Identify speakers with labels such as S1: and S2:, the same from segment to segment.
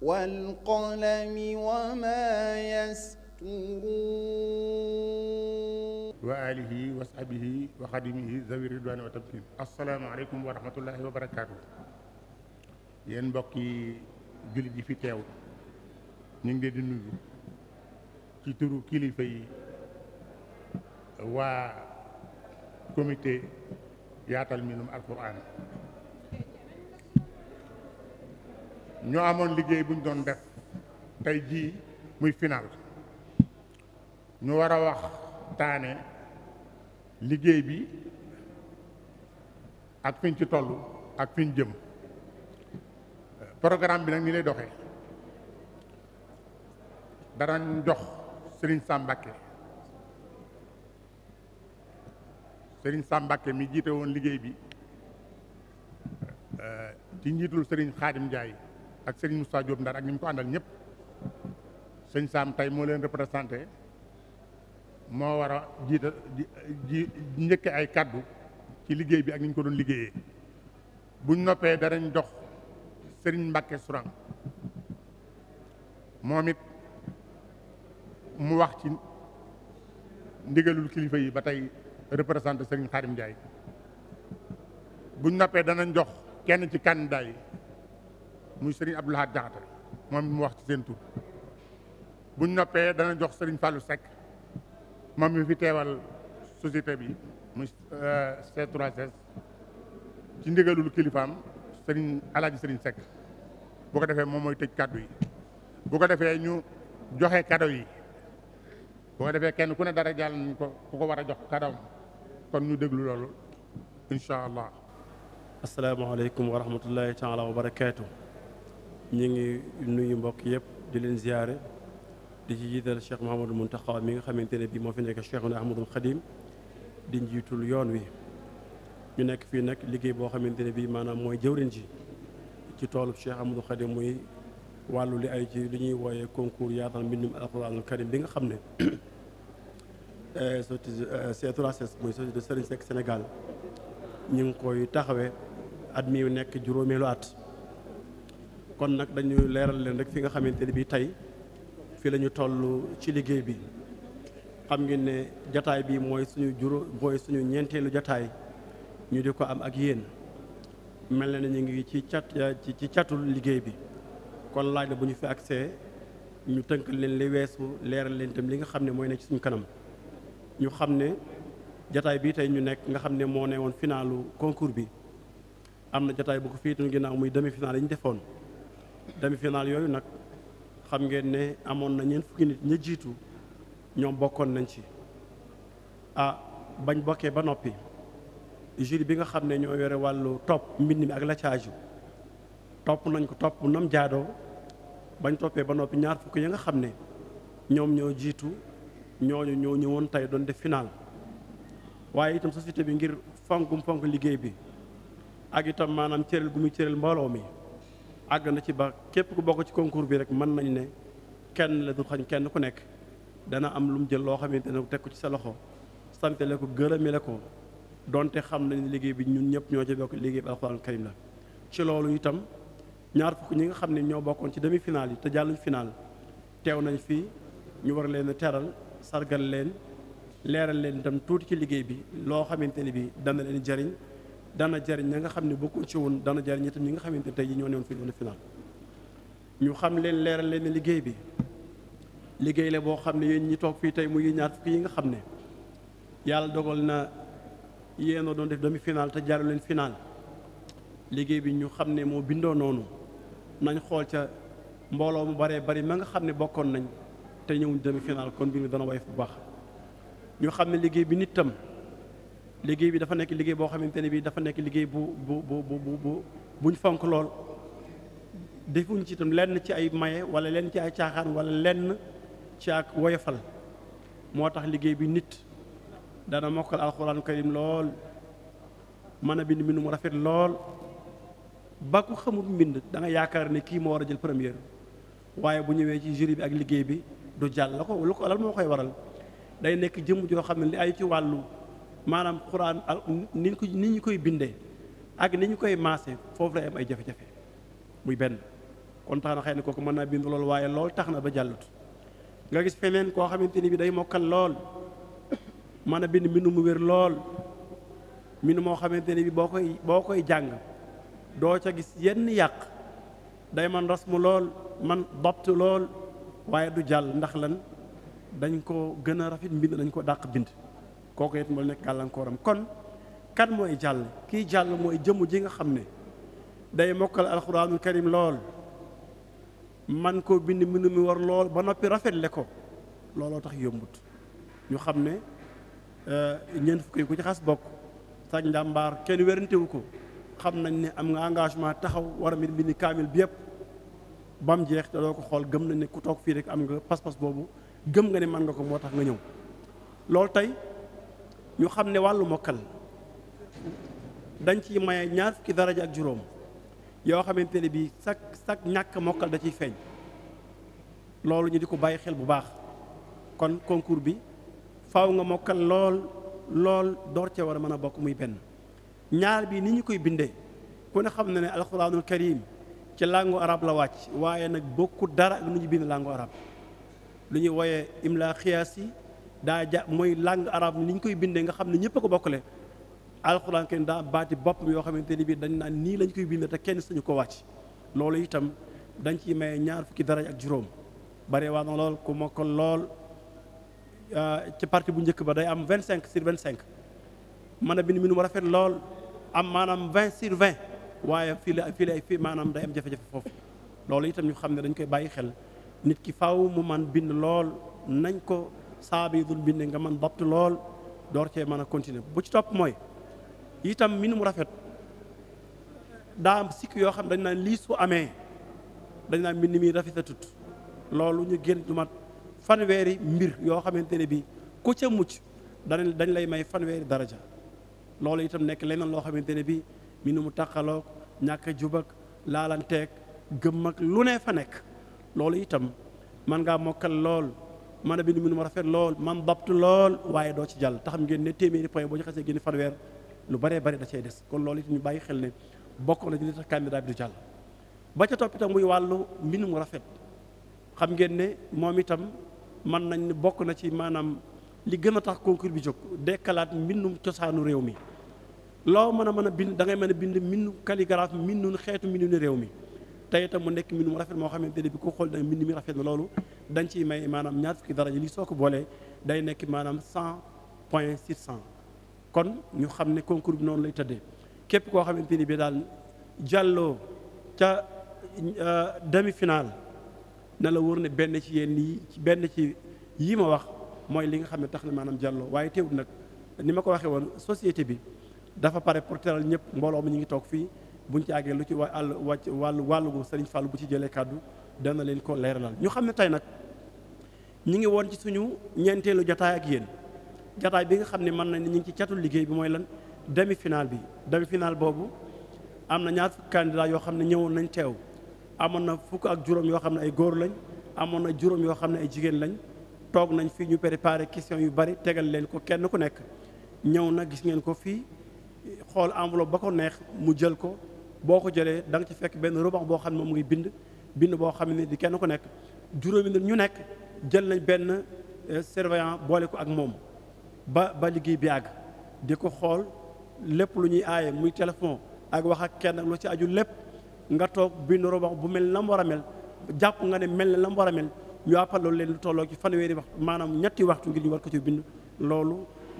S1: والقلم وما يسطرون
S2: وآله وصحبه وخدمه ذوي الرضوان والتمكين السلام عليكم ورحمة الله وبركاته yéen mbokk yi jullit yi fi teew ñu ngi leen di nuyu ci turu kilifa yi waa comité yaatal mbindum alquran ñoo amoon liggéey bu ñu doon def tey jii muy final ñu war a wax taane liggéey bi ak fiñ ci toll ak fiñ jëm programme bi nag ni lay doxee danañ jox Serigne Sambake Serigne Sambake mi jiite woon liggéey bi euh, ci njiitul sëriñ Khadim Ndiaye ak sëriñ Moustapha Diop Ndar ak ñi mu ko àndal ñëpp sëñ Sam tey moo leen représenté moo war a jiita ji njëkk ay kaddu ci liggéey bi ak ni ñu ko doon liggéeyee buñ noppee danañ dox sëriñ Mbacke Sourang moom it mu wax ci ndigalul kilifa yi ba tey représenté sëriñ Xaarim Ndiaye buñ noppee danañ jox kenn ci candidat yi muy sëriñ ab Lahad Jaxate moom mu wax ci seen tur buñ noppee dana jox sëriñ Fallou Seck moom mi fi teewal société bi muy euh, C3S ci ndigalul kilifaam sëriñ alaaji sëriñ Seck bu ko defee moom mooy tëj kàddu yi bu ko defee ñu joxe kado yi bu ko defee kenn ku ne dara jàll ko ku
S3: ko war a jox kadoom kon ñu déglu loolu incha allah asalaamaaleykum wa rahmatullahi taala wa barakaatu ñu ngi nuyu mbokk yëpp di leen ziyaare di ci jiital Cheikh Mouhamadou Mountakha mi nga xamante ne bii moo fi nekk Cheikhuna Ahmadul Khadim di njiitul yoon wi ñu nekk fii nag liggéey boo xamante ne bii maanaam mooy jëwriñ ji ci toolu Cheikh Ahmadul Khadim muy wàllu li ay ci li ñuy wooye concours yaatal mbindum alxuraanul karim bi nga xam ne euh, C3S mooy société de ñu ngi koy taxawee at mi nekk juróomeelu at kon nag dañu leeral leen rek fi nga xamante ne bii tey fii lañu ñu toll ci liggéey bi xam ngeen ne jataay bi mooy suñu juróom mooy suñu ñeenteelu jataay ñu di ko am ak yéen mel na ne ñu ngi ci cat ci catul liggéey bi kon laaj la bu ñu fi accès ñu tënk leen li weesu leeral leen itam li nga xam ne mooy ne ci suñu kanam ñu xam ne jataay bii tey ñu nekk nga xam ne moo ne woon finalu concours bi am na jataay bu ko fiitu ginnaaw muy demi final yi ñu defoon demi-finale yooyu nag xam ngeen ne amoon na ñeent fukki nit ña jiitu ñoom bokkoon nañ ci ah bañ bokkee ba noppi jury bi nga xam ne ñoo yore topp mbind mi ak la caaju nañ ko topp nam jaadoo bañ toppee ba noppi ñaar fukki ya nga xam ne ñoom ñoo jiitu ñooñu ñoo ñëwoon tey doon def final waaye itam société bi ngir fonk fonk liggéey bi ak itam maanaam cëral gu muy cëral mbooloo mi àgg na ci ba képp ku bokk ci concours bi rek mën nañ ne kenn la du xañ kenn ku nekk dana am lu mu jël loo xamante ne teg ko ci sa loxo sante la ko gërëmi la ko donte xam nañ liggéey bi ñun ñëpp ñoo ci bokk liggéey bi alxuraan karim la ci loolu itam ñaar fukk ñi nga xam ne ñoo bokkoon ci demi final yi te jàlluñ finaal teew nañ fii ñu war leen a teral sargal leen leeral leen itam tuuti ci liggéey bi loo xamante ni bi dana leen jariñ dana jariñ ña nga xam ne bokkuñ ci woon dana jariñ itam ñi nga xamante ne tey yi ñoo newoon fi doon final ñu xam leen leeral leen ne liggéey bi liggéey la boo xam ne yéen ñi toog fii tey muy ñaar fukki yi nga xam ne yàlla dogal na yéenoo doon def demi final te jaaru leen finaal liggéey bi ñu xam ne moo bindoo noonu nañ xool ca mbooloo mu baree bari ma nga xam ne bokkoon nañ te ñëwuñ demi final kon bi dana woyof bu baax ñu xam ne liggéey bi liggéey bi dafa nekk liggéey boo xamante ne bi dafa nekk liggéey bu bu bu bu buñ fonk lool defuñ ci itam lenn ci ay maye wala lenn ci ay caaxaan walla lenn ci ak woyofal moo tax liggéey bi nit dana mokkal alxuraan karim lool mën a bind mbind mu rafet lool ba ku xamul mbind da yaakaar ne kii moo war a jël première waaye bu ñëwee ci jury bi ak liggéey bi du jàll la ko lu ko lan moo koy waral day nekk jëmm joo xam ne li ay ci wàllu maanaam xuraan ni ñu ko ni ñu koy bindee ak ni ñu koy maase foofu lay am ay jafe-jafe muy benn kon tax na xëy na kooku mën naa bind loolu waaye lool tax na ba jàllut nga gis feneen koo xamante ni bi day mokkal lool mën a bind mbindu mu wér lool mbind moo xamante ni bi boo koy boo koy jàng doo ca gis yenn yàq day man mu lool man dabt lool waaye du jàll ndax lan dañ ko gën a rafet mbind dañ ko dàq bind kooku it moo nekk gàllankooram kon kan mooy jàll kii jàll mooy jëmm ji nga xam ne day mokkal alxuraanul karim lool man koo bind mbind mi war lool ba noppi rafetle ko looloo tax yombut ñu xam ne eh, ñeent fukki ku ci xas bokk sag njàmbaar kenn wérantewu ko xam nañ ne am nga engagement taxaw war a mit mbind kaamil bi yëpp ba jeex da doo ko xool gëm nañ ne ku toog fii rek am nga pas-pas boobu gëm nga ne man nga ko moo tax nga ñëw loolu tey ñu xam ne wàllu mokkal dañ ci maye ñaar fukki daraja ak juróom yoo xamante ne bii sak sak ñàkk mokkal da ciy feeñ loolu ñu di ko bàyyi xel bu baax kon concours bi faw nga mokkal lool lool door cee war a mën a bokk muy benn ñaar bi ni ñu koy bindee ku ne xam na ne alxuraanul karim ci làngu arab la wàcc waaye nag bokku dara ak nu ñu bind làngu arab lu ñuy wooyee imla xiyaas daa ja mooy langue arabe ni ñu koy bindee nga xam ne ñëpp a ko bokkale alxuraan kenn daa baati boppam yoo xamante ni bii dañ naan nii lañ koy bindee te kenn sañu ko wàcc loolu itam dañ ciy maye ñaar fukki daraj ak juróom bare waa na lool ku mokkal lool euh, ci partie bu njëkk ba day am vingt cinq sur vingt cinq mën bind mbind mu rafet lool am maanaam vingt sur vingt waaye fii la fii la fii maanaam day am jafe foofu loolu itam ñu xam ne dañ koy bàyyi xel nit ki faw mu man bind lool nañ ko saaba yi dul bind nga man bopp lool door cee mën a continuer bu ci topp mooy itam mbind mu rafet daa am sikk yoo xam dañ naan lii su amee dañ naan mbind mi rafetatut loolu ñu génn lu mat fanweeri mbir yoo xamante ne bii ku ca mucc dañ dañ lay may fanweeri daraja loolu itam nekk leneen loo xamante ne bii mbind mu taqaloog ñàkk a jubak laalanteeg gëm ak lu ne fa nekk loolu itam mën ngaa mokkal lool mën a bind mbind mu rafet lool man dabtu lool waaye doo ci jàll taxam ngeen ne téeméeri point boo ñu xasee génn fanweer lu baree bari da cay des kon loolu it ñu bàyyi xel ne bokk na ci li tax candidat bi du jàll ba ca toppitam muy wàllu mbind mu rafet xam ngeen ne moom itam mën nañ ne bokk na ci maanaam li gën a tax concours bi jóg dekkalaat mbindum cosaanu réew mi loo mën a mën a bind da ngay mën a bind mbindu calligraphe mbindu xeetu mbindu réew mi tey itam mu nekk mbind mu rafet moo xamante ne bi ku xool da mbind mi rafet na loolu dañ ciy may maanaam ñaar fukki daraja li soo boolee day nekk maanaam cent point six cent kon ñu xam ne concours noonu lay tëddee képp koo xamante ni bi daal jàlloo ca euh, demi finale na la wóor ne benn ci yéen yi benn ci yii ma wax mooy li nga xam ne tax ne maanaam jàlloo waaye teewul nag ni ma ko waxee woon société bi dafa pare pour teral ñëpp mbooloo mi ñu ngi toog fii bu ñu ci àggee lu ci wa àll wàcc wàllu wàllu gu Serigne Fallou bu ci jëlee kàddu dana leen ko leeralal ñu xam ne tey nag ñu ngi woon ci suñu ñeenteelu jataay ak yéen jataay bi nga xam ne mën nañ ñu ngi ci catul liggéey bi mooy lan demi final bi demi final boobu am na ñaar fukki candidat yoo xam ne ñëwoon nañ teew amoon na fukk ak juróom yoo xam ne ay góor lañ amoon na juróom yoo xam ne ay jigéen lañ toog nañ fii ñu préparé question yu bari tegal leen ko kenn ku nekk ñëw na gis ngeen ko fii xool enveloppe ba ko neex mu jël ko boo ko jëlee danga ci fekk benn rubax boo xam ne moom ngi bind bind boo xam ne di kenn ku nekk juróomi nit ñu nekk jël nañ benn euh, surveillant boole ko ak moom ba ba liggéey bi àgg di ko xool lépp lu ñuy aaye muy téléphone ak wax ak kenn ak lu ci aju lépp nga toog bind rubax bu mel na mu war a mel jàpp nga ne mel na la mu war a mel ñu àppal loolu leen lu tolloo ci fanweeri wax maanaam ñetti waxtu ngir ñu war ko ci bind loolu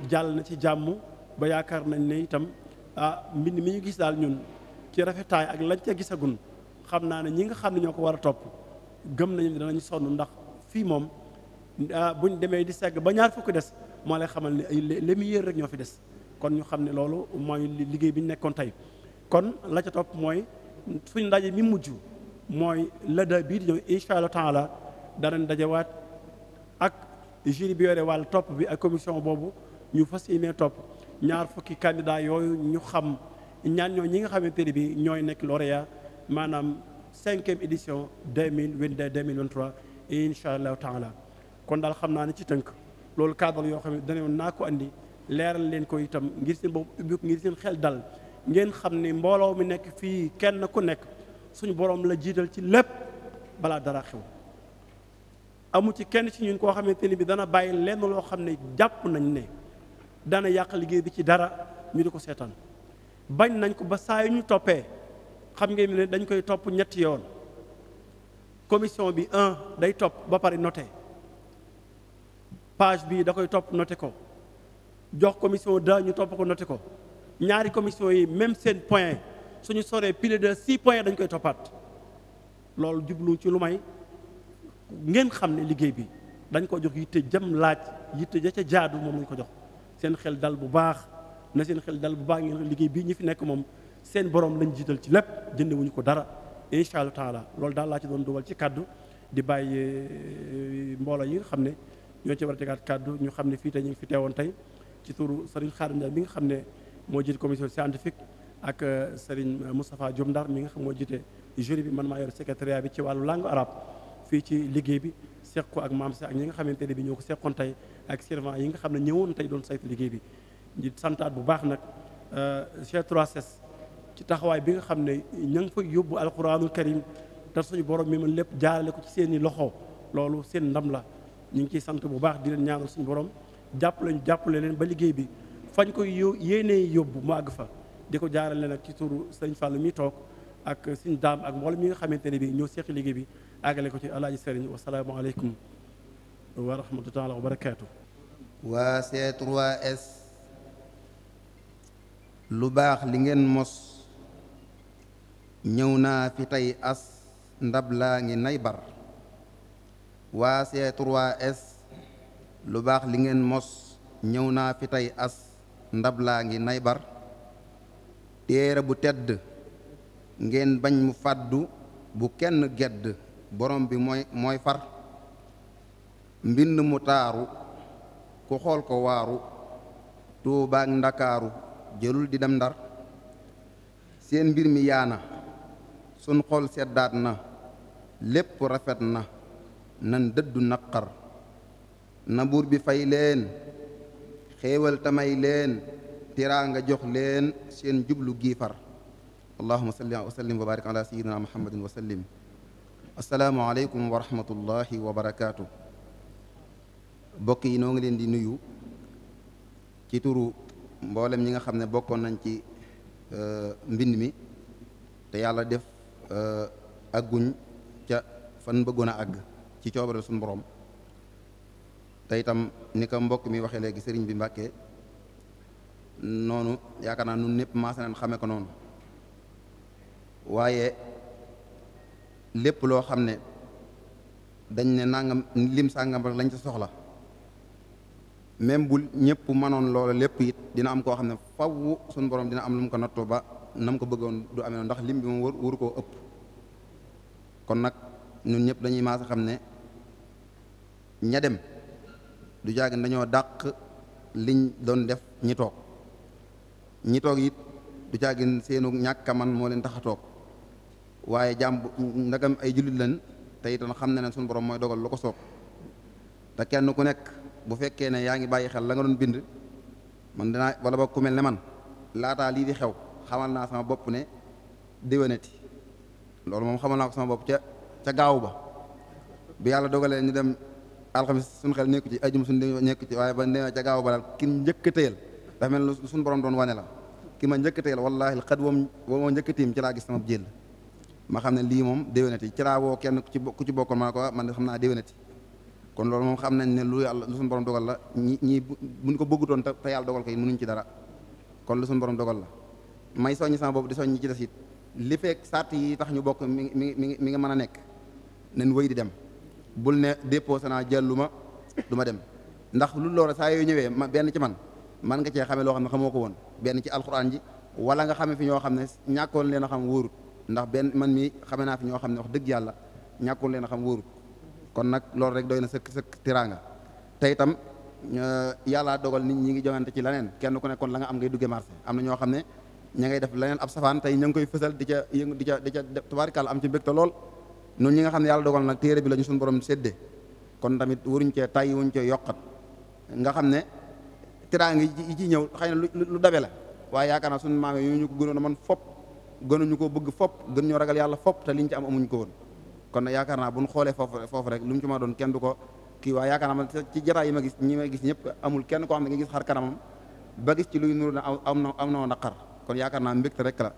S3: jàll na ci jàmm ba yaakaar nañ ne itam ah mbind mi ñu gis daal ñun ci rafetaay ak lañ ca gisagun xam naa ne ñi nga xam ne ñoo ko war a topp gëm nañu danañ sonn ndax fii moom ah, buñ demee di segg ba ñaar fukki des moo lay xamal ne ay les meilleurs rek ñoo fi des kon ñu xam ne loolu mooy liggéey bi ñu nekkoon tey kon la ca topp mooy suñu ndaje mi mujj mooy lada bii di ñëw incha allah taala danañ dajewaat ak jury bi yore topp bi ak commission boobu ñu fas yéene topp ñaar fukki candidat yooyu ñu xam ñaan ñoo ñi nga xamante ne bi ñooy nekk lauréat maanaam cinquième édition deux mille vingt de de mille vingt trois incha allahu taala kon daal xam naa ne ci tënk loolu cadre yoo xam ne danawoon naa andi leeral leen ko itam ngir seen bopp ubbi ngir seen xel dal ngeen xam ni mbooloo mi nekk fii kenn ku nekk suñu boroom la jiital ci lépp balaa dara xew amu ci kenn ci ñun koo xamante ni bi dana bàyyi lenn loo xam ne jàpp nañ ne dana yàq liggéey bi ci dara ñu di ko seetaan bañ nañ ko ba saa yu ñu toppee xam ngeen ne dañ koy topp ñetti yoon commission bi un day topp ba pare noté page bii da koy topp noté ko jox commission deux ñu topp ko noté ko ñaari commission yi même seen point suñu soree pile de six points dañ koy toppaat loolu jublu ci lu may ngeen xam ne liggéey bi dañ ko jox yitte jëm laaj yitte ja ca jaadu moom lañ ko jox seen xel dal bu baax na seen xel dal bu baax ngeen liggéey bi ñu fi nekk moom seen borom lañ jiital ci lépp jëndewuñu ko dara incha allahu taala loolu daal laa ci doon dugal ci kàddu di bàyyi euh, mbooloo yi nga xam ne ñoo ci war a tegaat kaddu ñu xam ne fii tey ñu ngi fi teewoon tey ci turu Serigne Khadim Ndiaye mi nga xam ne moo jiite commission scientifique ak euh, Serigne Moustapha Diom Ndar mi nga xam moo jiite jury bi man maa yor secrétariat bi ci wàllu langue arabe fii ci liggéey bi seq ko ak maam si ak ñi nga xamante ne bi ñoo ko seqoon tey ak servant yi nga xam ne ñëwoon tey doon saytu liggéey bi di santaat bu baax nag G3S euh, ci taxawaay bi nga xam ne ña ngi fa yóbbu alquranul karim te suñu borom mi mën lépp jaarale ko ci seen i loxo loolu seen ndam la ñu ngi ciy sant bu baax di leen ñaanal suñu borom jàppale ñu jàppale leen ba liggéey bi fañ koy yó yéenee yóbbu mu àgg fa di ko jaarale nag ci turu sëñ Fall mi toog ak suñu daam ak mboolem mi nga xamante ne bi ñoo seq liggéey bi àggale ko ci alaaji sëriñ wasalaamaaleykum wa rahmatulah
S1: wa lu baax li ngeen mos ñëw naa fi tey as ndab laa ngi nay bar waa c 3 lu baax li ngeen mos ñëw naa fi tey as ndab laa ngi nay bar téere bu tedd ngeen bañ mu fàddu bu kenn gedd borom bi mooy mooy far mbind mu taaru ku xool ko waaru tuubaak ndakaaru jëlul di dem ndar seen mbir mi yaana sun xol seddaat na lépp rafet na nan dëddu naqar na buur bi fay leen xéewal tamay leen tiraa nga jox leen seen jublu giifar allahuma salli wa sallim wa barik wa sallim asalaamu aleykum wa rahmatullahi wa barakaatu bokk yi noo ngi leen di nuyu ci turu mboolem ñi nga xam ne bokkoon nañ ci euh, mbind mi te yàlla def agguñ euh, ca fan bëggoon a àgg ci coobare suñu borom te itam ni ko mbokk mi waxee léegi sëriñ bi Mbàkke noonu yaakaar naa nun ñëpp maase nañ xame ko noonu waaye lépp loo xam ne dañ ne nangam lim sàngam rek lañ sa soxla même bu ñëpp manoon loola lépp it dina am koo xam ne faww suñu boroom dina am lu mu ko nattoo ba na ko bëggoon du amee ndax lim bi moom wër wër koo ëpp kon nag ñun ñëpp dañuy maas xam ne ña dem du jaag dañoo dàq liñ doon def ñi toog ñi toog it du caagin seenu ñàkk man moo leen tax a toog waaye jàmb ndagam ay jullit lañ tey itam xam na ne suñu borom mooy dogal lu ko soog te kenn ku nekk bu fekkee ne yaa ngi bàyyi xel la nga doon bind man dinaa wala ba ku ne man laataa lii di xew xamal naa sama bopp ne déwénati loolu moom xamal naa ko sama bopp ca ca gaaw ba bi yàlla dogalee ñu dem alxamis suñ xel nekku ci ajum suñ nekku ci waaye ba nee ca gaaw ba daal ki njëkk teyal dafa mel ne suñ borom doon wane la kii ma njëkk teyal wallaahi xat wam wama njëkk tiim ci laa gis sama jël ma xam ne lii moom déwénati ci laa woo kenn ku ci bokkoon ma ne ko ah, man de xam naa déwénati kon loolu moom xam nañ ne lu yàlla lu suñu borom dogal la ñi ñi buñ ko bëggutoon te yàlla dogal ko it mënuñ ci dara kon lu suñu borom dogal la may soññi sama bopp di soññi ci des it li fekk sart yi tax ñu bokk mi mi mi mi nga mën a nekk nañ wëy di dem bul ne déposé naa jëllu ma du ma dem ndax lu loola saa yoo ñëwee ma benn ci man man nga cee xamee loo xam ne xamoo ko woon benn ci alxuraan ji wala nga xame fi ñoo xam ne ñàkkoon leen a xam wóorut ndax benn man mii xame naa fi ñoo xam ne wax dëgg yàlla ñàkkoon leen xam wóorut kon nag loolu rek doy na sëkk sëkk tiraanga te itam yàllaa dogal nit ñi ngi jongante ci leneen kenn ku ne kon la nga am ngay dugge marché am na ñoo xam ne ña ngay def leneen ab safaan tey koy fësal di ca yëngu di ca di ca tubaarikàll am ci mbégte lool noonu ñi nga xam ne yàlla dogal nag téere bi la ñu suñu borom séddee kon tamit waruñ cee tayyi wuñ cee yokkat nga xam ne tiraanga yi ci ñëw xëy na lu dabe la waaye yaakaar naa suñu maam yi ñu ko gënoon a man fop gënuñu ko bëgg fop gën ñoo ragal yàlla fop te liñ ci am amuñ ko woon kon nag yaakaar naa bu ñu xoolee foofu foofu rek lu mu ci ma doon kenn du ko kii waa yaakaar naa ci jataay yi ma gis ñi ma gis ñëpp amul kenn koo xam ne nga gis xar kanamam ba gis ci luy nuru na am na am na naqar kon yaakaar naa mbégte rek la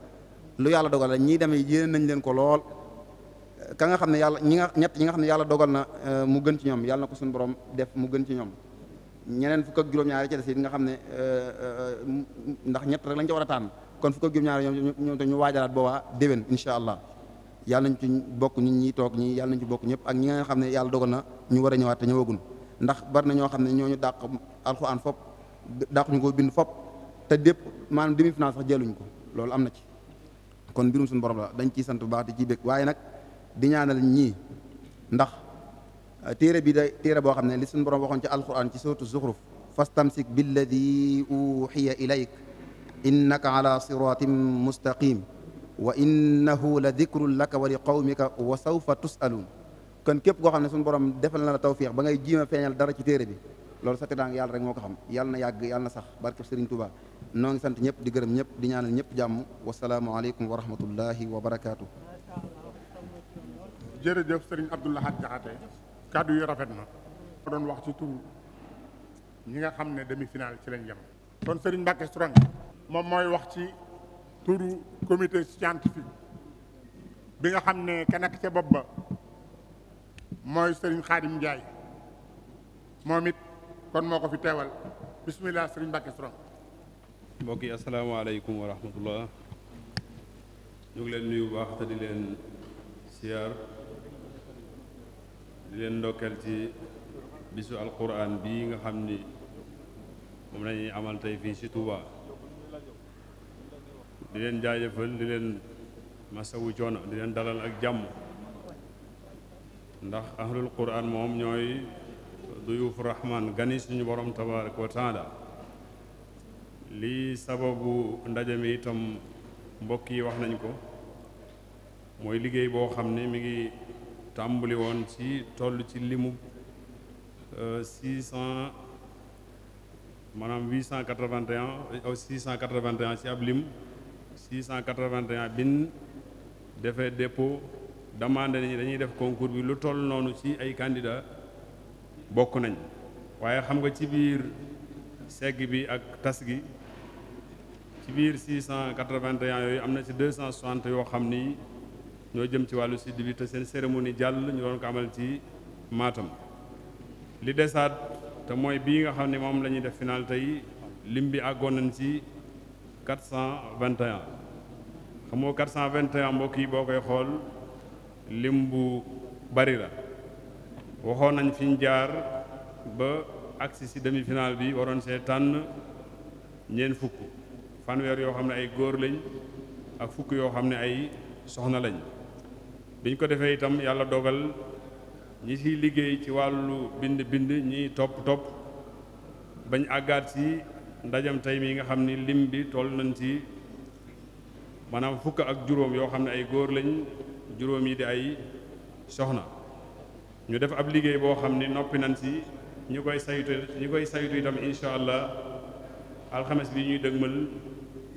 S1: lu yàlla dogal la ñii demee yéene nañ leen ko lool ka nga xam ne yàlla ñi nga ñett ñi nga xam ne yàlla dogal na euh, mu gën ci ñoom yàlla ko suñu borom def mu gën ci ñoom ñeneen fukk ak juróom-ñaari ci des nga xam ne euh, euh, ndax ñett rek lañ ci tànn kon fukk ak juróom-ñaari ñoom ñoom te ñu déwén incha allah yàlla nañ ci bokk ñu ñii toog ñi yàlla nañ ci bokk ñëpp ak ñi nga xam ne yàlla dogal na ñu war a ñëwaat te ñëwagul ndax bari na ñoo xam ne ñooñu dàq alxuraan fop dàq ñu ko bind fop te dépp maanaam demi finale sax jëluñ ko loolu am na ci kon mbirum suñu borom la dañ ciy sant bu baax di ciy bég waaye nag di ñaanal ñii ndax euh, téere bi day téere boo xam ne li suñu borom waxoon ci alxuraan ci sootu zuxruf fastamsik billadi uxiya ilayk innaka ala siratin mustaqim wa innahu la dikrun laka wa li qawmika wa sawfa tusaluun kon képp koo xam ne suñu borom defal na la tawfiix ba ngay jiima feeñal dara ci téere bi loolu sa teddaang yàlla rek moo ko xam yàlla na yàgg yàlla na sax barke Sëriñ Tuubaa noo ngi sant ñëpp di gërëm ñëpp di ñaanal ñëpp jàmm wasalaamu aleykum wa rahmatullahi wa barakaatu.
S2: jërëjëf sëriñ Abdou Lahad Diakhaté kàddu yu rafet na ma doon wax ci turu ñi nga xam ne demi-finale ci lañ yem kon sëriñ Mbacke turu comité scientifique bi nga xam ne ka nekk ca bopp ba mooy Serigne Khadim Ndiaye moom it kon moo ko fi teewal bisimilah Serigne Mbacke Sourang.
S4: mbokk yi asalaamaaleykum wa rahmatullah ñu leen nuyu bu baax te di leen siyaar di leen ndokkeel ci bisu alquran bii nga xam ni moom la ñuy amal tey fii si Touba. di leen jaajëfal di leen masawu coono di leen dalal ak jàmm ndax ahlul quran moom ñooy duyuuf rahman gani suñu borom tabaraka wa taala lii sababu ndaje mi itam mbokk yi wax nañ ko mooy liggéey boo xam ne mi ngi tàmbali woon ci toll ci limu euh, six cent maanaam huit cent quatre euh, ci ab lim 681 bin defee dépôt demande nañu dañuy def concours bi lu toll noonu ci ay candidat bokk nañ waaye xam nga ci biir segg bi ak tas gi ci biir 681 yooyu am na ci 260 yoo xam ni ñoo jëm ci wàllu sud bi te seen cérémonie jàll ñu doon ko amal ci maatam li desaat te mooy bii nga xam ni moom la ñuy def final tey lim bi àggoon nañ ci 421 xam nga 421 mbokk yi boo koy xool lim bu bari la waxoon nañ fi ñu jaar ba agsi ci demi-finale bi waroon see tànn ñeent fukk fanweer yoo xam ne ay góor lañ ak fukk yoo xam ne ay soxna lañ biñ ko defee itam yàlla dogal ñi ciy liggéey ci wàllu bind bind ñi topp topp bañ àggaat ci ndajam tey mi nga xam ni lim bi toll nañ ci maanaam fukk ak juróom yoo xam ne ay góor lañ juróom yi di ay soxna ñu def ab liggéey boo xam ni noppi nañ ci ñi koy saytu ñi koy saytu itam incha allah alxames bi ñuy dëgmal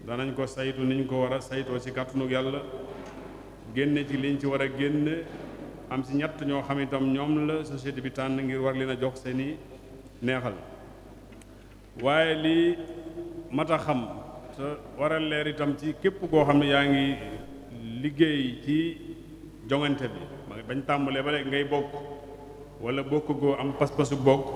S4: danañ ko saytu niñ ko war a saytoo ci kàttanug yàlla génne ci liñ ci war a génn am ci ñett ñoo xam itam ñoom la société bi tànn ngir war leen a jox seeni neexal waaye lii mat a xam te waral leer itam ci képp koo xam ne yaa ngi liggéey ci jongante bi bañ tàmbalee ba léegi ngay bokk walla bokk goo am pas-pasu bokk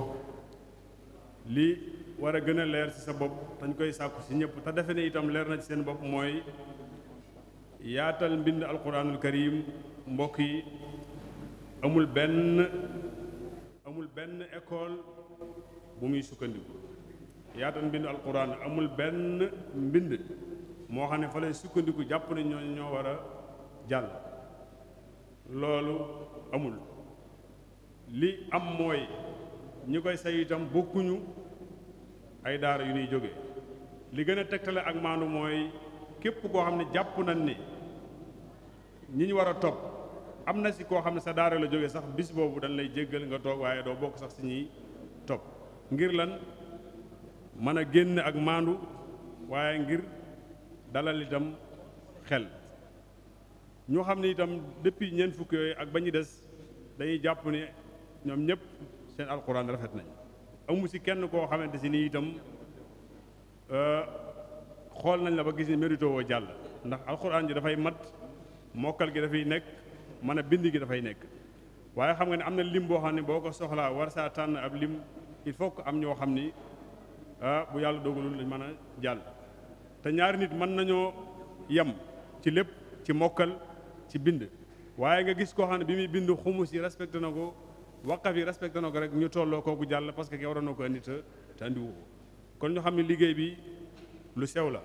S4: lii war a gën a leer ci sa bopp dañ koy sàkku ci ñépp te defe ne itam leer na ci seen bopp mooy yaatal mbind alquranul karim mbokk yi amul benn amul benn école bu muy sukkandiku yaatal mbindu alquran amul benn mbind moo xam ne fa lay sukkandiku jàpp ne ñoo ñoo war a jàll loolu amul li am mooy ñi koy say itam bokkuñu ay daara yu ñuy jóge li gën a tegtale ak maandu mooy képp koo xam ne jàpp nañ ni ñi ñu war a topp am na si koo xam ne sa daara la jóge sax bis boobu dañ lay jéggal nga toog waaye doo bokk sax si ñuy topp ngir lan mën a génn ak maandu waaye ngir dalal itam xel ñoo xam ne itam depuis ñeent fukk yooyu ak ba ñu des dañuy jàpp ne ñoom ñëpp seen alxuraan rafet nañ amu si kenn koo xamante si nii itam euh, xool nañ la ba gis ni mérito jàll ndax alxuraan ji dafay mat mokkal gi dafay nekk mën a bind gi dafay nekk waaye xam nga ne am na lim boo xam ne boo ko soxlaa war saa tànn ab lim il faut que am ñoo xam ni ah bu yàlla dogalul lañ mën a jàll te ñaari nit mën nañoo yem ci lépp ci mokkal ci bind waaye nga gis koo xam ne bi muy bind xumus yi respecté na ko waqaf yi respecté na ko rek ñu tolloo kooku jàll parce que ke ko andi te te andiwu kon ñu xam ne liggéey bi lu sew la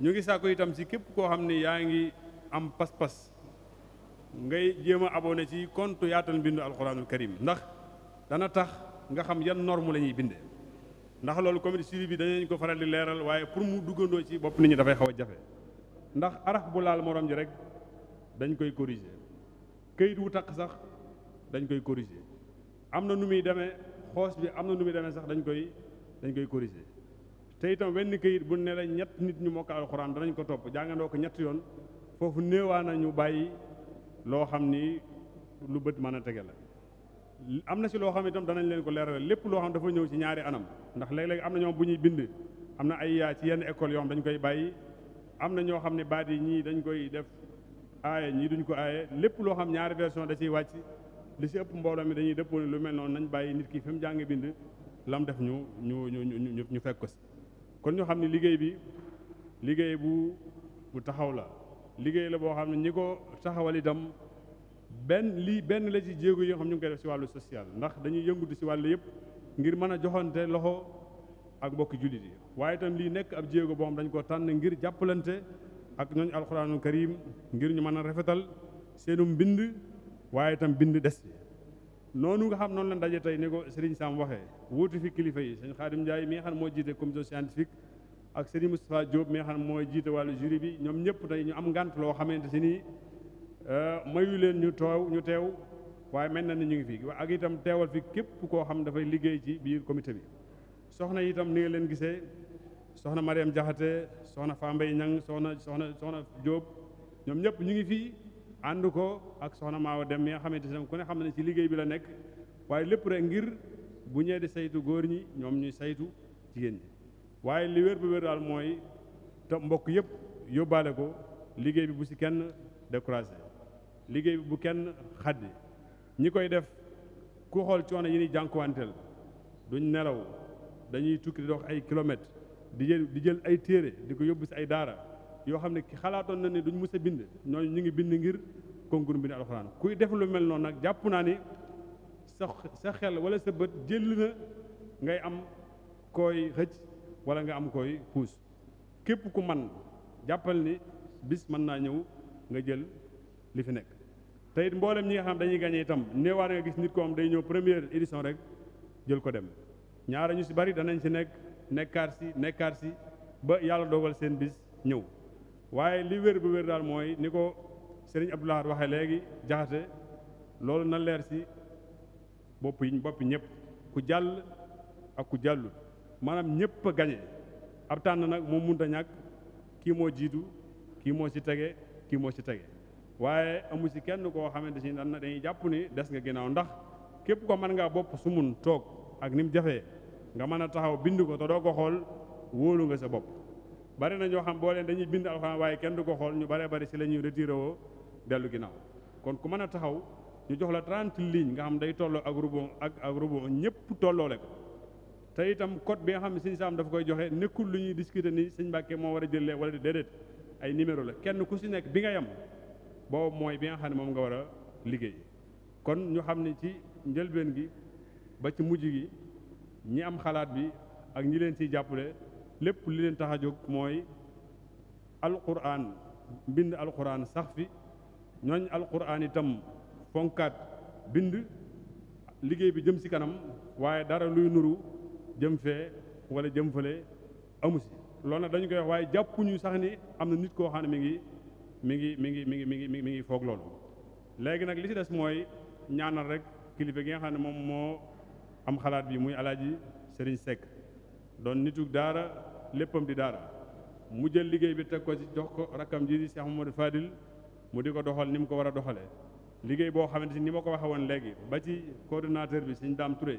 S4: ñu ngi saako itam ci képp koo xam ne yaa ngi am pas-pas ngay jéem a abonné ci compte yaatal mbindu alquranul karim ndax dana tax nga xam yan norme la ñuy bindee ndax loolu comité suivi bi dañu ko faral di leeral waaye pour mu duggandoo ci bopp nit ñi dafay xaw a jafe ndax araf bu laal morom ji rek dañ koy corriger këyit wu takk sax dañ koy corriger am na nu muy demee xoos bi am na nu muy demee sax dañu koy dañ koy corriger te itam wenn këyit bu ne la ñett nit ñu mokk alxuraan danañ ko topp jàngandoo ko ñett yoon foofu néewaa ñu bàyyi loo xam ni lu bët mën a tege la am na si loo xam itam danañ leen ko leeral lépp loo xam dafa ñëw ci ñaari anam ndax léeg-léeg am na bu ñuy bind am na ay yenn école yoo xam koy bàyyi am na ñoo xam ne baat yi ñii dañ koy def aaye ñii duñ ko aaye lépp loo xam ñaari version da ciy wàcc li si ëpp mbooloo mi dañuy dëppoo lu mel noon nañ bàyyi nit ki fi mu jàng bind lam def ñu ñu ñu ñu fekk ko si kon ñu xam ne liggéey bi liggéey bu bu taxaw la liggéey la boo xam ne ñi ko taxawal itam benn lii benn la ci jéego yi xam ñu ngi def si wàllu social ndax dañuy yëngutu si wàllu yëpp ngir mën a joxonte loxo ak mbokki jullit yi waaye itam lii nekk ab jéego boo xam dañ ko tànn ngir jàppalante ak ñooñ alxuraanul karim ngir ñu mën a rafetal seenum mbind waaye tam bind des noonu nga xam noon lañ daje tey ni ko Serigne Sam waxee wuutu fi kilifa yi sëñ Xaadim Ndiaye mi nga xam moo jiite commission scientifique ak Serigne Moustapha Diop mi nga xam mooy jiite wàllu jury bi ñoom ñëpp tey ñu am ngant loo xamante si nii Euh, mayu leen ñu toow ñu teew waaye mel na ni ñu ngi fii fi ak itam teewal fi képp koo xam dafay liggéey ci biir comité bi soxna yitam ni nga leen gisee soxna Mariam Jaxate soxna Fambay Ñang soxna soxna soxna Jóob ñoom ñëpp ñu ngi fii ànd ko ak soxna Maawa Dem mi nga xamante ne ku ne xam ne ci liggéey bi la nekk waaye lépp rek ngir bu ñee di saytu góor ñi ñoom ñuy saytu jigéen ñi waaye li wér bu wér daal mooy ta mbokk yëpp yóbbaale ko liggéey bi bu si kenn découragé liggéey bu kenn xaddi ñi koy def ku xool coono yi ni jànkuwanteel duñ nelaw dañuy tukki di dox ay kilomètres di jël di jël ay téere di ko yóbbu si ay daara yoo xam ne xalaatoon na ne duñ mës bind ñooñu ñu ngi bind ngir concours bi ne alxuraan kuy def lu mel noonu nag jàpp naa ni sa xel wala sa bët jël na ngay am koy xëcc walla nga am koy puus képp ku man jàppal ni bis mën naa ñëw nga jël li fi nekk te it mboolem ñi nga xam dañuy gagné itam néewaar nga gis nit ko am day ñëw première édition rek jël ko dem ñaara ñu si bari danañ si nekk nekkaar si nekkaar si ba yàlla dogal seen bis ñëw waaye li wér bu wér daal mooy ni ko sëriñ Abdoulaye waxee léegi jaxate loolu na leer si bopp yiñ bopp ñëpp ku jàll ak ku jàllu maanaam ñëpp a gañe ab tànn nag moom munta ñàkk kii moo jiitu kii moo ci tege kii moo si tege waaye amu si kenn koo xamante si dan na dañuy jàpp ni des nga ginnaaw ndax képp ko mën ngaa bopp sumun toog ak ni mu jafee nga mën a taxaw bind ko te doo ko xool wóolu nga sa bopp bari na ñoo xam boo leen dañuy bind alxuraan waaye kenn du ko xool ñu baree bari si la ñuy retiré woo dellu ginnaaw kon ku mën a taxaw ñu jox la 30 lignes nga xam day tolloo ak rubu ak ak rubu ñëpp tolloole ko te itam code bi nga xam ne sëñ Saam dafa koy joxe nekkul lu ñuy discuter ni sëñ Mbàkke moo war a jëlee wala déedéet ay numéro la kenn ku si nekk bi nga yem boobu mooy bi nga xam ne moom nga war a liggéey kon ñu xam ne ci njëlbéen gi ba ci mujj gi ñi am xalaat bi ak ñi leen ciy jàppale lépp li leen tax a jóg mooy alquran bind alquran sax fi ñooñ alquran itam fonkaat bind liggéey bi jëm si kanam waaye dara luy nuru jëm fee wala jëm fële amu si loolu nag dañu koy wax waaye jàppuñu sax ni am na nit koo xam ne mi ngi mi ngi mi ngi mi ngi mi ngi mi ngi foog loolu léegi nag li ci des mooy ñaanal rek kilifa gi nga xam ne moom moo am xalaat bi muy alaaji Serigne Seck doon nitug daara léppam di daara mu jël liggéey bi teg ko ci jox ko rakkam ji di Cheikh Mamadou Fadil mu di ko doxal ni mu ko war a doxalee liggéey boo xamante ni ni ma ko waxe woon léegi ba ci coordonnateur bi Serigne Dame Touré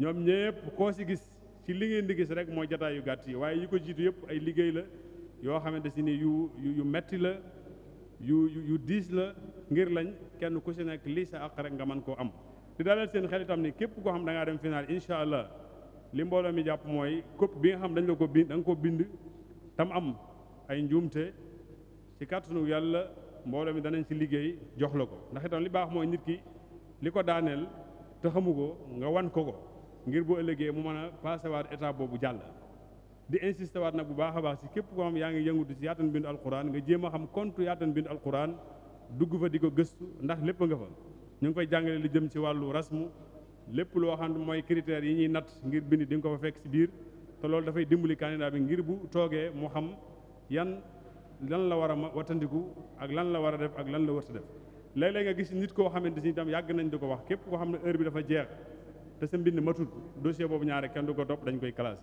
S4: ñoom ñëpp koo si gis ci li ngeen di gis rek mooy jataayu yu gàtt yi waaye yi ko jiitu yëpp ay liggéey la yoo xamante si ni yu metti la yu yu diis la ngir lañ kenn ku si nekk lii sa àq rek nga mën koo am di dalal seen xel itam ni képp koo xam da ngaa dem final incha allah li mbooloo mi jàpp mooy këpp bi nga xam dañ la ko bind da nga ko bind tam am ay njuumte si kàttanu yàlla mbooloo mi danañ si liggéey jox la ko ndax itam li baax mooy nit ki li ko daaneel te xamu ko nga wan ko ko ngir bu ëllëgee mu mën a passé waat étape boobu jàll di insisté waat nag bu baax a baax si képp koo xam yaa ngi yëngutu si yaatal mbindu alquran nga jéema xam compte yaatal mbindu alquran dugg fa di ko gëstu ndax lépp nga fa ñu ngi fay jàngale li jëm ci wàllu rasmu lépp loo xam mooy critères yi ñuy nat ngir bind di nga ko fa fekk si biir te loolu dafay dimbali candidat bi ngir bu toogee mu xam yan lan la war a watandiku ak lan la war a def ak lan la warta def léeg-léeg nga gis nit koo xamante ni tam yàgg nañ di ko wax képp koo xam ne heure bi dafa jeex te sa mbind matut dossier boobu ñaare kenn du ko topp dañ koy classé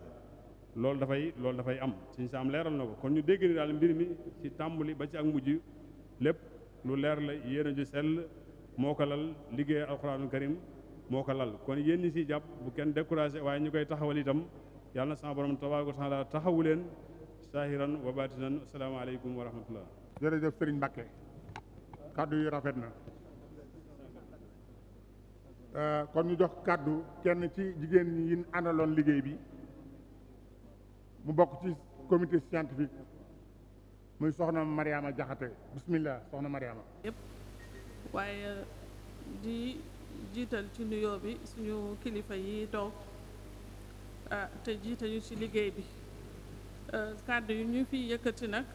S4: loolu dafay loolu dafay am suñ saam leeral na ko kon ñu dégg ni daal mbir mi ci tàmbali ba ci ak mujj lépp lu leer la yéen a ju sell moo ko lal liggéey alxuraanul karim moo ko lal kon yéen ñi siy jàpp bu kenn découragé waaye ñu koy taxawal itam yàlla na sama borom tabaaraka wa taala taxawu leen saahiran wa baatinan asalaamaaleykum wa rahmatullah
S2: jërëjëf Serigne Mbacke kàddu yi rafet na euh, kon ñu jox kàddu kenn ci jigéen ñi àndaloon liggéey bi mu bokk ci comité scientifique muy soxna Mariama Jaxate bismillah soxna Mariama
S5: yëpp waaye euh, di jiital ci nuyoo bi suñu kilifa yi toog ah te jiitañu ci liggéey bi euh, kàddu yu ñu fi yëkkati nag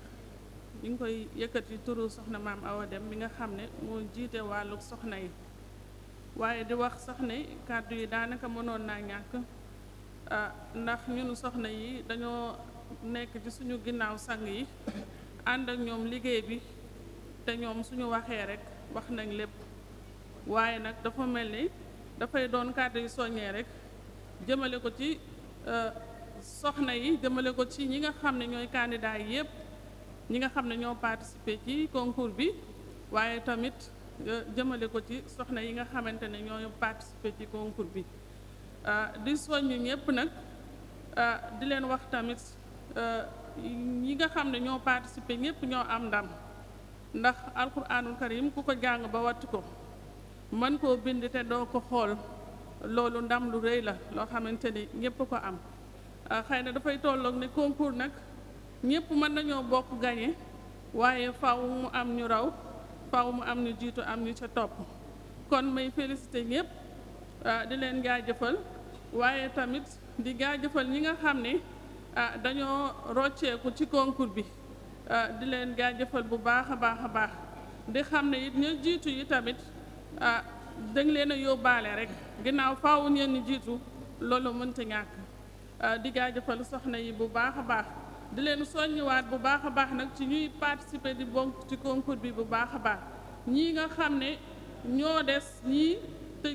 S5: ñu koy yëkkati turu soxna maam Awa Dem mi nga xam ne moo jiite wàllu soxna yi waaye di wax sax ne kàddu yi daanaka mënoon naa ñàkk Ah, ndax ñunu soxna yi dañoo nekk ci suñu ginnaaw sang yi ànd ak ñoom liggéey bi te ñoom suñu waxee rek wax nañ lépp waaye nag dafa mel ni dafay doon kàddu yu soññee rek jëmale ko ci ah, soxna yi jëmale ko ci ñi nga xam ne ñooy candidat yi yépp ñi nga xam ne ñoo participé ci konkur bi waaye tamit ah, jëmale ko ci soxna yi nga xamante ne ñoo participé ci concours bi Ah, di soññu ñëpp nag ah, di leen wax tamit ah, ñi nga xam ne ñoo participer ñëpp ñoo am ndam ndax alquranul karim ku ko jàng ba wattu ko mën koo bind te doo ko xool loolu ndam lu rëy la loo xamante ni ñëpp ko am xëy na dafay tollook ne concours nag ñëpp mën nañoo bokk gañe waaye faw mu am ñu raw faw mu am ñu jiitu am ñu ca topp kon may félicité ñëpp di leen jaajëfal waaye tamit di jaajëfal ñi nga xam ne ah dañoo rocceeku ci konkur bi ah, di leen jaajëfal bu baax a baax a baax di xam ne it ñu jiitu yi tamit ah dañ leen a yóbbaale rek ginnaaw faaw ñeen ñu jiitu loolu mënta ñàkk ah, di jaajëfal soxna yi bu baax a baax di leen soññiwaat bu baax a baax nag ci ñuy participer di bon ci concours bi bu baax a baax ñi nga xam ne ñoo des ñii te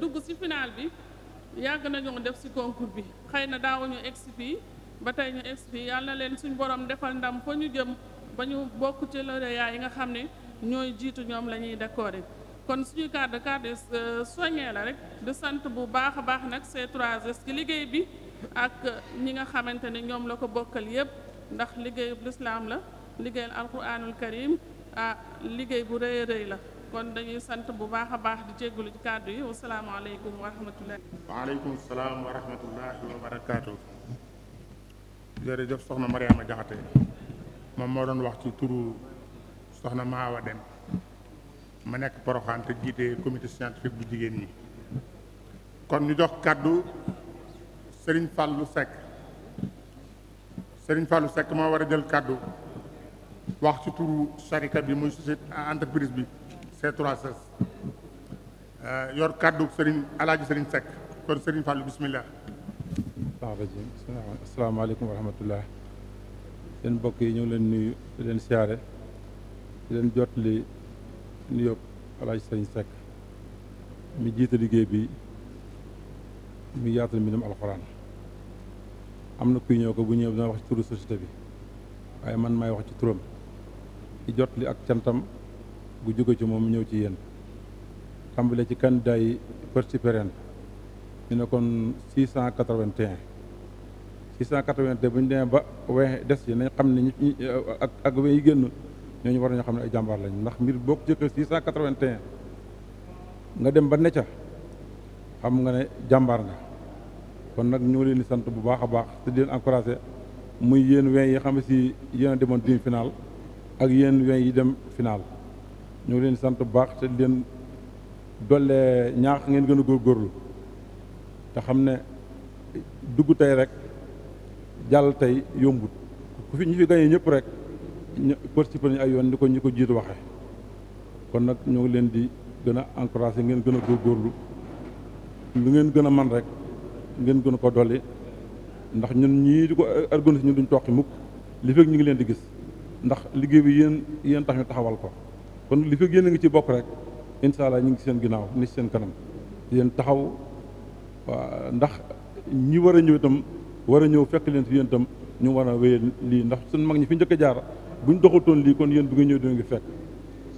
S5: dugg ci final bi yàgg nañoo def si concours bi xëy na daawuñu egsi fii ba tey ñu egsi fii yàlla leen suñ borom defal ndam fa ñu jëm ba ñu bokk ci lauréat yi nga xam ne ñooy jiitu ñoom la ñuy décorer kon suñu cadre cadre euh, soññee la rek di sant bu baax a baax nag C3S ci liggéey bi ak ñi nga xamante ne ñoom la ko bokkal yépp ndax liggéeyub lislaam la liggéeyal alquranul karim ah liggéey bu rëy rëy la kon dañuy sant bu baax a baax di jégalu ci kàddu yi wa rahmatulah.
S2: waaleykum salaam wa rahmatulah wa barakaatu. jërëjëf soxna Mariama Jaxate moom moo doon wax ci turu soxna Maawa Dem ma nekk Poroxaan te jiite comité scientifique bu jigéen ñi kon ñu jox kàddu lu Fallou sëriñ Serigne lu sekk moo war a jël kàddu wax ci turu sharika bi muy société entreprise bi. C3S euh, yor kàddu sëriñ alaaji sëriñ Seck kon sëriñ Fallou bismillah
S6: rajim asalaamaaleykum seen mbokk yi ñëw leen nuyu leen siyaare di leen jottali nuyoo alaaji sëriñ Seck mi jiite liggéey bi mu yaatal mbindum alxuraan am na kuy ñëw ko bu ñëw dina wax ci turu société bi waaye man may wax ci turam di jottali ak cantam gu jóge ci moom ñëw ci yéen tàmbale ci candidat yi participer ñu ne kon six cent quatre-vingt-un six cent quatre-vingt-un bu ñu demee ba weex des yi nañ xam ne ñu ak ak we yi génn ñooñu war nañoo xam ne ay jàmbaar lañu ndax mbir boo ko jëkkee six quatre-vingt-un nga dem ba necca xam nga ne jàmbaar nga kon nag ñoo leen di sant bu baax a baax te di leen muy yéen we yi xam ne si yéen a demoon demi final ak yéen we yi dem final ñu ngi leen sant bu baax te leen dollee ñaax ngeen gën a góorlu te xam ne dugg tey rek jàll tey yombut ku fi ñu fi gañee ñëpp rek ñu participer nañu ay yoon ni ko ñi ko jiitu waxe kon nag ñu ngi leen di gën a encouragé ngeen gën a góorlu lu ngeen gën a man rek ngeen gën a ko dolli ndax ñun ñii di ko organiser ñun duñ toqi mukk li fekk ñu ngi leen di gis ndax liggéey bi yéen yéen tax ñu taxawal ko kon li fi génn ngi ci bopp rek incha allah ñu ngi seen ginnaaw ni seen kanam di taxaw waa ndax ñi war a ñëw itam war a ñëw fekk leen fi yéen itam ñu war a wéyee lii ndax suñ mag ñi fi njëkk a bu buñ doxatoon lii kon yéen bu ñëw doo ngi fekk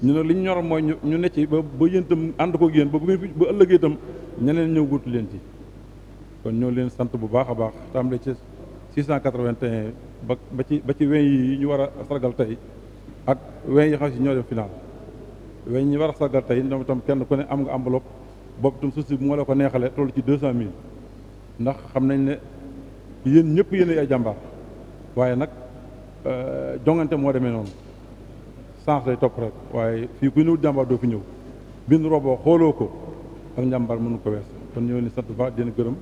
S6: ñu ne li ñu ñor mooy ñu ne ci ba ba yéen tam ànd ko yéen ba bu ngeen fi ba ëllëgee tam ñeneen ñëw guutu leen ci kon ñëw leen sant bu baax a baax tàmbale ci 681 ba ba ci ba ci wen yi ñu war a sargal tey ak wen yi xam si ñoo dem weñ ñi war a sargal tey ñoom itam kenn ku ne am nga enveloppe boobu itam suuf bu moo la ko neexale toll ci deux cent mille ndax xam nañ ne yéen ñëpp yéen ay jàmbaar waaye nag euh, jongante moo demee noonu sens lay topp rek waaye fii ku ñëw jàmbaar doo fi ñëw bin roboo xooloo ko ak njàmbaar mënu ko wees kon ñëw ni sant ba dina gërëm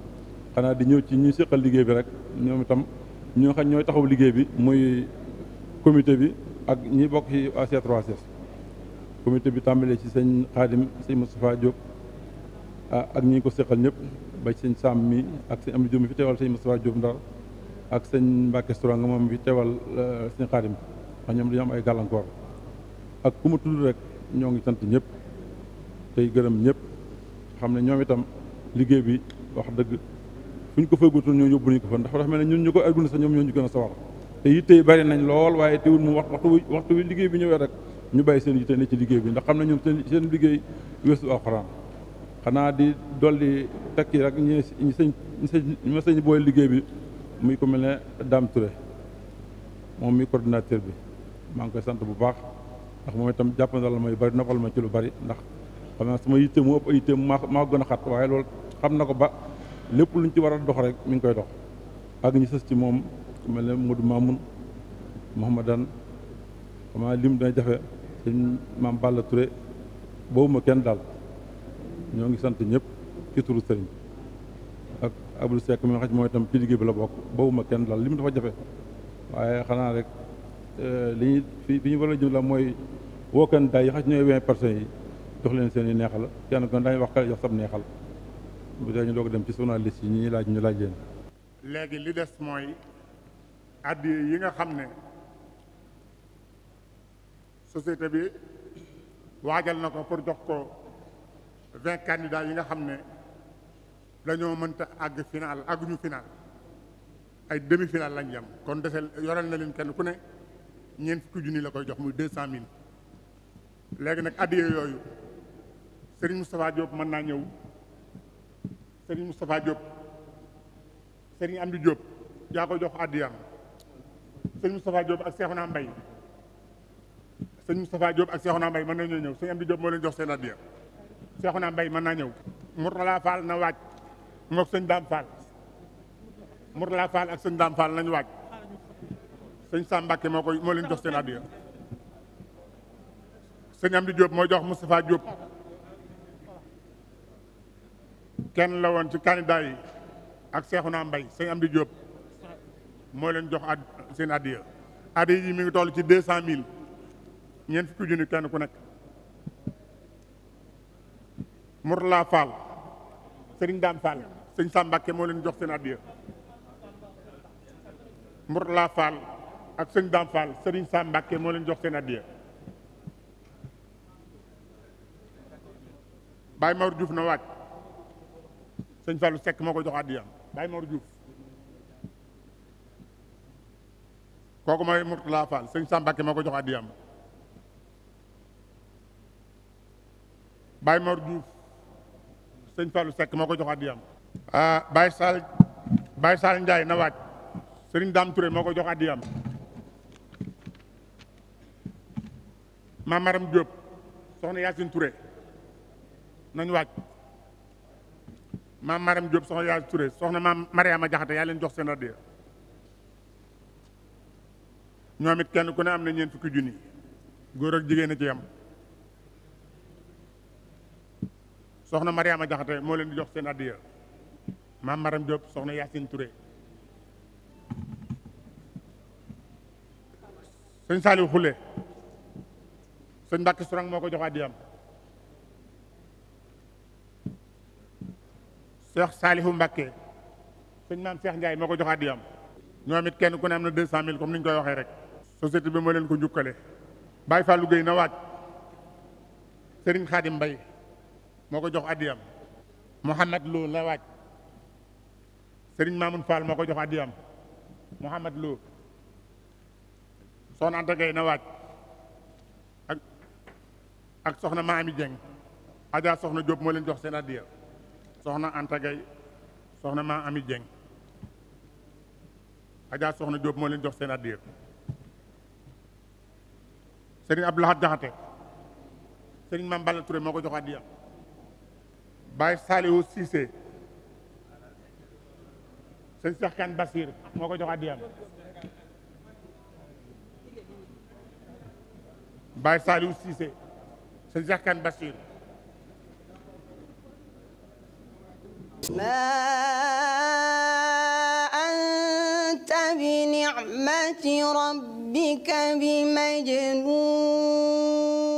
S6: xanaa di ñëw ci ñuy séqal liggéey bi rek ñoom itam ñoo xam ñooy taxaw liggéey bi muy comité bi ak ñi bokk ci C3S comité bi tàmbalee ci sëñ xaadim sëñ Moustapha Diop ah, ak ñi ko seqal ñëpp ba sëñ Sam mi ak sëñ am Diop mi fi teewal sëñ Moustapha Diop Ndar ak sëñ Mbacke Sourang moom fi teewal eh, sëñ xaadim ndax ñoom dañoo am ay gàllankoor ak ku mu tudd rek ñoo ngi sant ñëpp tey gërëm ñëpp xam ne ñoom itam liggéey bi wax dëgg fu ñu ko fëggutul ñoo ñu ko fa ndax mel ne ñun ñu ko argune sax ñoom ñoo ñu gën a sawar te it bari nañ lool waaye teewul mu waxtu waxtu liggéey bi ñëwee rek ñu bàyyi seen yite ne ci liggéey bi ndax xam na ñoom seen seen liggéey weesu alxuraan xanaa di dolli tekki rek ñi ñi sëñ ñi ma sëñ booy liggéey bi muy ko mel ne Dame moom mi coordinateur bi maa ngi koy sant bu baax ndax moom itam jàppandal ma yu bari noppal ma ci lu bari ndax xam su ma yitte mu ëpp ay yitte maa maa gën a xat waaye loolu xam na ko ba lépp luñ ci war a dox rek mi ngi koy dox ak ñi sës ci moom ku mel ne Modou Mamoun Mouhamadan xam naa lim dina jafe sëñ maam Balla Touré boobu ma kenn daal ñoo ngi sant ñëpp ci turu sëriñ ak Abdou Seck mi nga mooy tam ci liggéey bi la bokk boobu ma kenn daal li mu dafa jafe waaye xanaa rek euh, li ñu fi fi ñu war a jëm la mooy woo wookan daay yi xaj ñooy vingt personnes yi jox leen seen i neexal kenn kon daañu wax kale jox sab neexal bu dee ñu dem ci journaliste yi ñi ñuy laaj ñu laaj leen
S2: léegi li des mooy addiye yi nga xam ne société bi waajal na ko pour jox ko vingt candidats yi nga xam ne dañoo mënta àgg final àgguñu final ay demi final lañ yam kon desel yoral na leen kenn ku ne ñeent fukki junni la koy jox muy deux cent mille léegi nag addiye yooyu Serigne Moustapha Diop mën naa ñëw Serigne Moustapha Diop am di Diop yaa ko jox addiyam Serigne Moustapha Diop ak Cheikhouna Mbaye sëñ Moustapha Diop ak Cheikhouna Mbaye mën nañoo ñëw sëñ Amdi Diop moo leen jox seen addiya Cheikhouna Mbaye mën naa ñëw Mourtala Fall na waaj moo sëñ Dame Fall Mourtala Fall ak sëñ Dame Fall nañ waaj sëñ Sambake moo koy moo leen jox seen addiya sëñ Amdi Diop mooy jox Moustapha Diop kenn la woon ci candidat yi ak Cheikhouna Mbaye sëñ Amdi Diop moo leen jox ad seen addiya addiya yi mi ngi toll ci deux cent mille ñeent fukki junni kenn ku nekk Mourtala Fall Serigne Dame Fall sëñ Sambake moo leen jox seen addiya Mourtala Fall ak sëñ Dame sëriñ Serigne Sambake moo leen jox seen addiya Baye Mor Diouf na waaj sëñ Fallou Seck moo ko jox addiya Baye Mor Diouf kooku mooy Mourtala Fall sëñ Sambake moo ko jox addiyam Baye Mor Diouf sëñ Fallou sekk moo ko jox addiyam ah, Baye Sall Baye Sall Ndiaye na waaj sëriñ Dame Touré moo ko jox addiyam Mamaram Diop soxna Yacine Touré nañ waaj maam Maram Diop soxna Yacine ture soxna maam Mariama Jaxate yaa leen jox seen addiya ñoom it kenn ku ne am na ñeent fukki junni góor jigéen a ci soxna Mariama Jaxate moo leen di jox seen addiya maam Maram Diop soxna Yacine Touré sëñ Saliou Khoule sëñ Mbàkke Sourang moo ko jox addiyam Cheikh Saliou Mbàkke sëñ maam Cheikh Ndiaye moo ko jox addiyam ñoom it kenn ku ne am na deux cent mille comme ni ñu koy waxee rek société bi moo leen ko njukkale Baye Fallou Gueye na waaj Serigne Khadim Mbaye moo ko jox addiyam Mouhamad Lo la waaj sëriñ Mamoun Fall moo ko jox addiyam Mouhamad Lo soxna Anta na waaj ak soxna Maami Dieng Adja soxna Diop moo jox seen addiya soxna Anta soxna Maami Dieng Adja soxna Diop moo leen jox seen addiya sëriñ Abdoulahat Jaxate sëriñ Mame Balla moo ko jox addiya Baye Saliou Cissé sëñ Cheikh Kane Basir moo ko jox addiyam Baye Saliou Cissé sëñ Cheikh Kane Basir
S6: ma anta bi ni'mati
S4: rabbika bi
S5: majnun